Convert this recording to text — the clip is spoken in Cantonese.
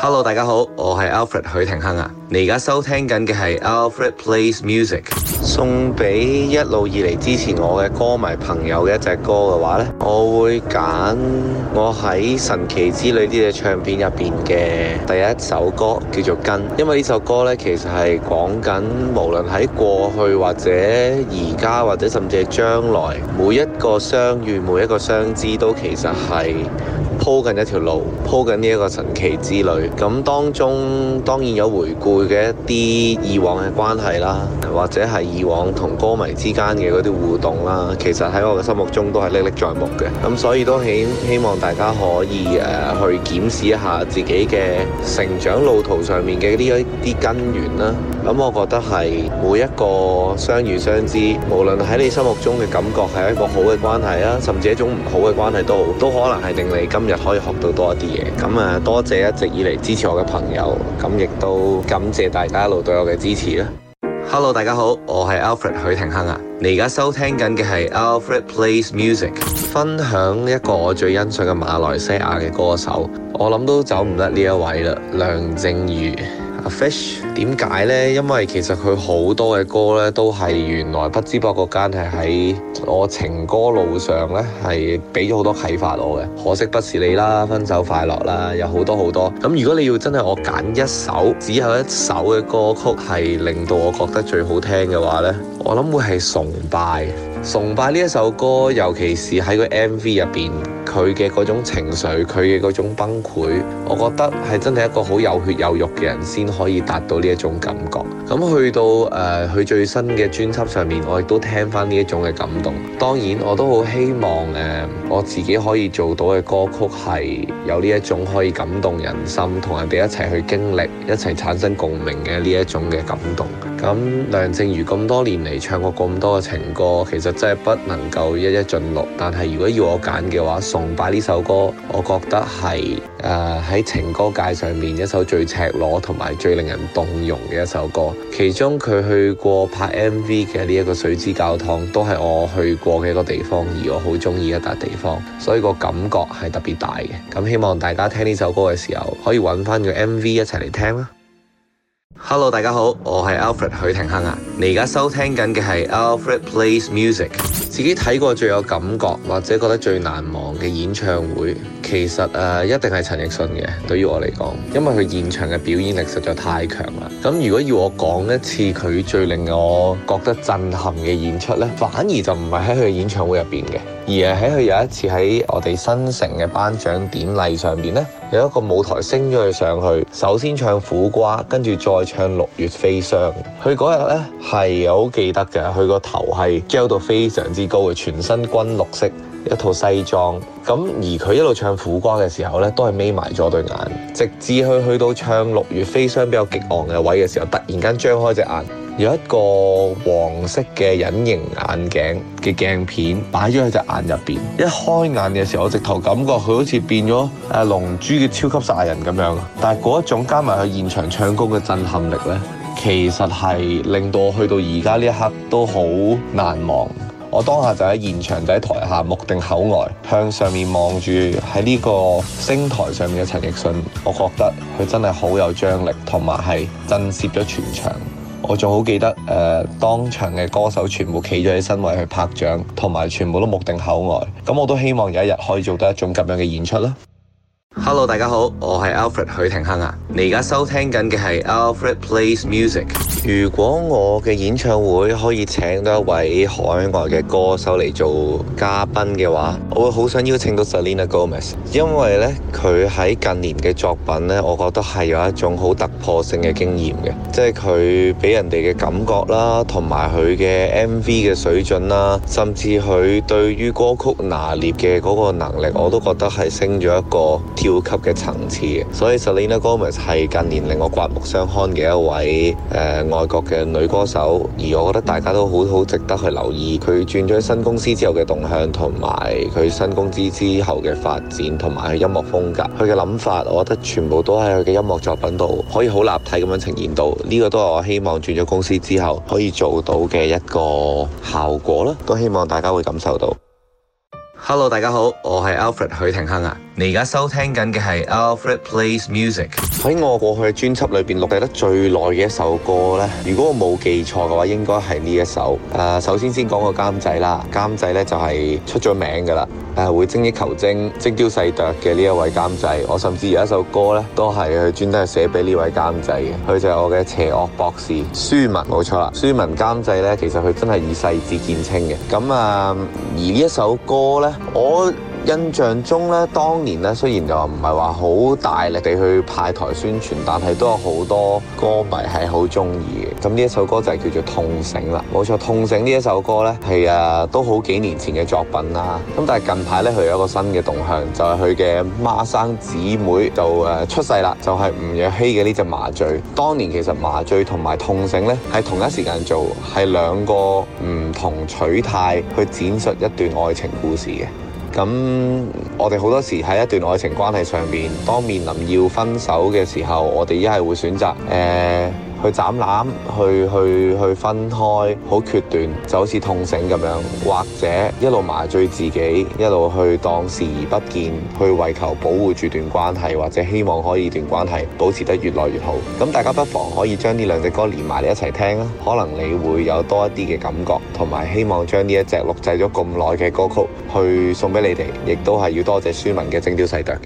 Hello，大家好，我係 Alfred 許廷鏗啊！你而家收聽緊嘅係 Alfred Plays Music。送俾一路以嚟支持我嘅歌迷朋友嘅一隻歌嘅話呢，我會揀我喺神奇之旅呢隻唱片入邊嘅第一首歌，叫做根。因為呢首歌呢，其實係講緊無論喺過去或者而家或者甚至係將來，每一個相遇，每一個相知，都其實係。鋪緊一條路，鋪緊呢一個神奇之旅。咁當中當然有回顧嘅一啲以往嘅關係啦，或者係以往同歌迷之間嘅嗰啲互動啦。其實喺我嘅心目中都係歷歷在目嘅。咁所以都希希望大家可以誒、呃、去檢視一下自己嘅成長路途上面嘅呢一啲根源啦。咁我覺得係每一個相遇相知，無論喺你心目中嘅感覺係一個好嘅關係啊，甚至一種唔好嘅關係都都可能係令你今今日可以學到多一啲嘢，咁啊多謝一直以嚟支持我嘅朋友，咁亦都感謝大家一路對我嘅支持啦。Hello，大家好，我係 Alfred 許廷鏗啊。你而家收聽緊嘅係 Alfred Plays Music，分享一個我最欣賞嘅馬來西亞嘅歌手，我諗都走唔甩呢一位啦，梁靜茹。啊，Fish，點解呢？因為其實佢好多嘅歌咧，都係原來不知不覺間係喺我情歌路上咧，係俾咗好多啟發我嘅。可惜不是你啦，分手快樂啦，有好多好多。咁如果你要真係我揀一首，只有一首嘅歌曲係令到我覺得最好聽嘅話呢。我諗會係崇拜，崇拜呢一首歌，尤其是喺個 MV 入面，佢嘅嗰種情緒，佢嘅嗰種崩潰，我覺得係真係一個好有血有肉嘅人先可以達到呢一種感覺。咁去到誒佢、呃、最新嘅專輯上面，我亦都聽翻呢一種嘅感動。當然，我都好希望誒、呃、我自己可以做到嘅歌曲係有呢一種可以感動人心，同人哋一齊去經歷，一齊產生共鳴嘅呢一種嘅感動。咁、嗯、梁靜茹咁多年嚟唱過咁多嘅情歌，其實真係不能夠一一盡錄。但係如果要我揀嘅話，崇拜呢首歌，我覺得係誒喺情歌界上面一首最赤裸同埋最令人動容嘅一首歌。其中佢去過拍 MV 嘅呢一個水之教堂，都係我去過嘅一個地方，而我好中意一笪地方，所以個感覺係特別大嘅。咁希望大家聽呢首歌嘅時候，可以搵翻個 MV 一齊嚟聽啦。Hello，大家好，我係 Alfred 許廷鏗啊。你而家收聽緊嘅係 Alfred Plays Music，自己睇過最有感覺或者覺得最難忘嘅演唱會。其實誒、啊、一定係陳奕迅嘅，對於我嚟講，因為佢現場嘅表演力實在太強啦。咁如果要我講一次佢最令我覺得震撼嘅演出呢，反而就唔係喺佢演唱會入面嘅，而係喺佢有一次喺我哋新城嘅頒獎典禮上面呢，有一個舞台升咗佢上去，首先唱苦瓜，跟住再唱六月飛霜。佢嗰日呢，係好記得嘅，佢個頭係高到非常之高嘅，全身軍綠色。一套西裝，而佢一路唱苦瓜嘅時候咧，都係眯埋咗對眼，直至佢去到唱六月飛霜比較激昂嘅位嘅時候，突然間張開隻眼，有一個黃色嘅隱形眼鏡嘅鏡片擺咗喺隻眼入邊。一開眼嘅時候，我直頭感覺佢好似變咗誒龍珠嘅超級撒亞人咁樣。但係嗰一種加埋佢現場唱功嘅震撼力呢，其實係令到我去到而家呢一刻都好難忘。我當下就喺現場就喺台下目定口呆，向上面望住喺呢個星台上面嘅陳奕迅，我覺得佢真係好有張力，同埋係震懾咗全場。我仲好記得誒、呃、當場嘅歌手全部企咗喺身邊去拍掌，同埋全部都目定口呆。咁我都希望有一日可以做到一種咁樣嘅演出啦。Hello，大家好，我係 Alfred 許廷鏗啊！你而家收聽緊嘅係 Alfred Plays Music。如果我嘅演唱會可以請到一位海外嘅歌手嚟做嘉賓嘅話，我會好想邀請到 Selena Gomez，因為呢，佢喺近年嘅作品呢，我覺得係有一種好突破性嘅經驗嘅，即係佢俾人哋嘅感覺啦，同埋佢嘅 MV 嘅水準啦，甚至佢對於歌曲拿捏嘅嗰個能力，我都覺得係升咗一個跳級嘅層次。所以 Selena Gomez 係近年令我刮目相看嘅一位誒、呃外國嘅女歌手，而我覺得大家都好好值得去留意佢轉咗新公司之後嘅動向，同埋佢新公司之後嘅發展，同埋佢音樂風格，佢嘅諗法，我覺得全部都喺佢嘅音樂作品度可以好立體咁樣呈現到。呢個都係我希望轉咗公司之後可以做到嘅一個效果啦。都希望大家會感受到。Hello，大家好，我係 Alfred 許廷鏗啊。你而家收聽緊嘅係 Alfred Plays Music。喺我過去嘅專輯裏邊錄嘅得最耐嘅一首歌呢，如果我冇記錯嘅話，應該係呢一首。誒、呃，首先先講個監製啦，監製呢就係、是、出咗名噶啦，誒、啊、會精益求精、精雕細琢嘅呢一位監製。我甚至有一首歌呢，都係去專登寫俾呢位監製嘅，佢就係我嘅邪惡博士舒文，冇錯啦。舒文監製呢，其實佢真係以細緻見稱嘅。咁啊、呃，而呢一首歌呢。我。印象中咧，當年咧雖然就唔係話好大力地去派台宣傳，但係都有好多歌迷係好中意嘅。咁呢一首歌就係叫做《痛醒》啦，冇錯，《痛醒》呢一首歌咧係誒都好幾年前嘅作品啦。咁、啊、但係近排咧佢有一個新嘅動向，就係佢嘅孖生姊妹就誒出世啦，就係、是、吳若希嘅呢隻《麻醉》。當年其實《麻醉》同埋《痛醒》咧係同一時間做，係兩個唔同取態去展述一段愛情故事嘅。咁我哋好多時喺一段愛情關係上面，當面臨要分手嘅時候，我哋一係會選擇誒，呃去斬纜，去去去分開，好決斷，就好似痛醒咁樣；或者一路麻醉自己，一路去當視而不見，去為求保護住段關係，或者希望可以段關係保持得越來越好。咁大家不妨可以將呢兩隻歌連埋嚟一齊聽啊，可能你會有多一啲嘅感覺，同埋希望將呢一隻錄製咗咁耐嘅歌曲去送俾你哋，亦都係要多謝書文嘅精雕細琢。